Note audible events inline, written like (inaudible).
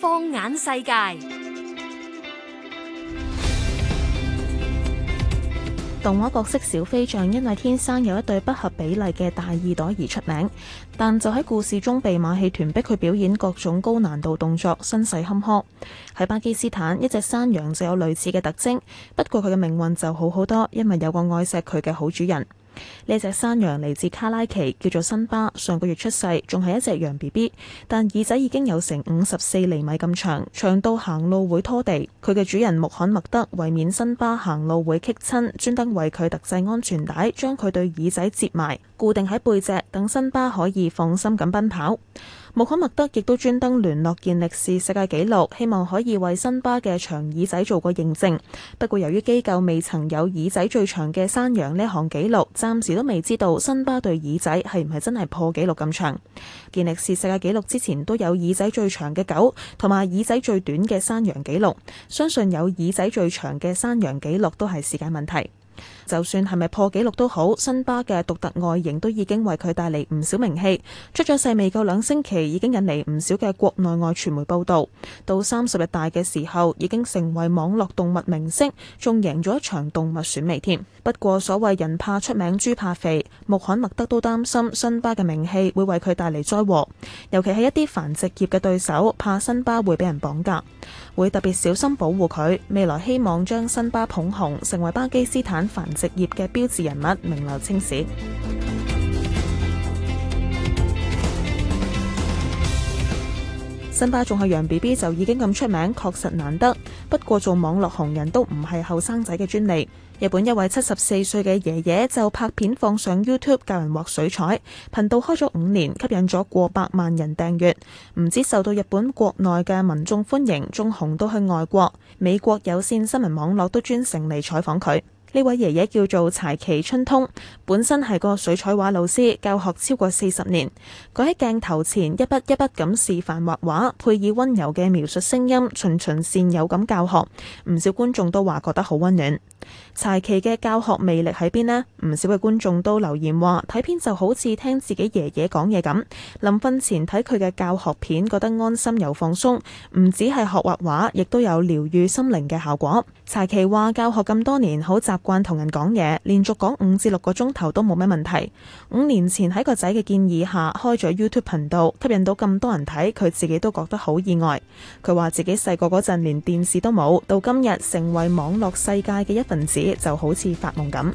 放眼世界，動畫角色小飛象因為天生有一對不合比例嘅大耳朵而出名，但就喺故事中被馬戲團逼佢表演各種高難度動作，身世坎坷。喺巴基斯坦，一隻山羊就有類似嘅特徵，不過佢嘅命運就好好多，因為有個愛錫佢嘅好主人。呢隻山羊嚟自卡拉奇，叫做辛巴，上個月出世，仲係一隻羊 BB，但耳仔已經有成五十四厘米咁長，長到行路會拖地。佢嘅主人穆罕默德為免辛巴行路會棘親，專登為佢特製安全帶，將佢對耳仔摺埋，固定喺背脊，等辛巴可以放心咁奔跑。穆罕默德亦都專登聯絡健力士世界紀錄，希望可以為新巴嘅長耳仔做個認證。不過，由於機構未曾有耳仔最長嘅山羊呢項紀錄，暫時都未知道新巴對耳仔係唔係真係破紀錄咁長。健力士世界紀錄之前都有耳仔最長嘅狗同埋耳仔最短嘅山羊紀錄，相信有耳仔最長嘅山羊紀錄都係時間問題。就算係咪破紀錄都好，辛巴嘅獨特外形都已經為佢帶嚟唔少名氣。出咗世未夠兩星期，已經引嚟唔少嘅國內外傳媒報導。到三十日大嘅時候，已經成為網絡動物明星，仲贏咗一場動物選美添。不過所謂人怕出名豬怕肥，穆罕默德都擔心辛巴嘅名氣會為佢帶嚟災禍，尤其係一啲繁殖業嘅對手怕辛巴會俾人綁架，會特別小心保護佢。未來希望將辛巴捧紅，成為巴基斯坦繁職業嘅標誌人物，名留青史。 (music) 新巴仲係楊 B B 就已經咁出名，確實難得。不過做網絡紅人都唔係後生仔嘅專利。日本一位七十四歲嘅爺爺就拍片放上 YouTube 教人畫水彩，頻道開咗五年，吸引咗過百萬人訂閱。唔止受到日本國內嘅民眾歡迎，仲紅到去外國，美國有線新聞網絡都專程嚟採訪佢。呢位爺爺叫做柴崎春通，本身係個水彩畫老師，教學超過四十年。佢喺鏡頭前一筆一筆咁示範畫畫，配以溫柔嘅描述聲音，循循善誘咁教學，唔少觀眾都話覺得好溫暖。柴崎嘅教學魅力喺邊呢？唔少嘅觀眾都留言話睇片就好似聽自己爺爺講嘢咁。臨瞓前睇佢嘅教學片，覺得安心又放鬆，唔止係學畫畫，亦都有療癒心靈嘅效果。柴琪話：教學咁多年，好習慣同人講嘢，連續講五至六個鐘頭都冇咩問題。五年前喺個仔嘅建議下開咗 YouTube 頻道，吸引到咁多人睇，佢自己都覺得好意外。佢話自己細個嗰陣連電視都冇，到今日成為網絡世界嘅一份子，就好似發夢咁。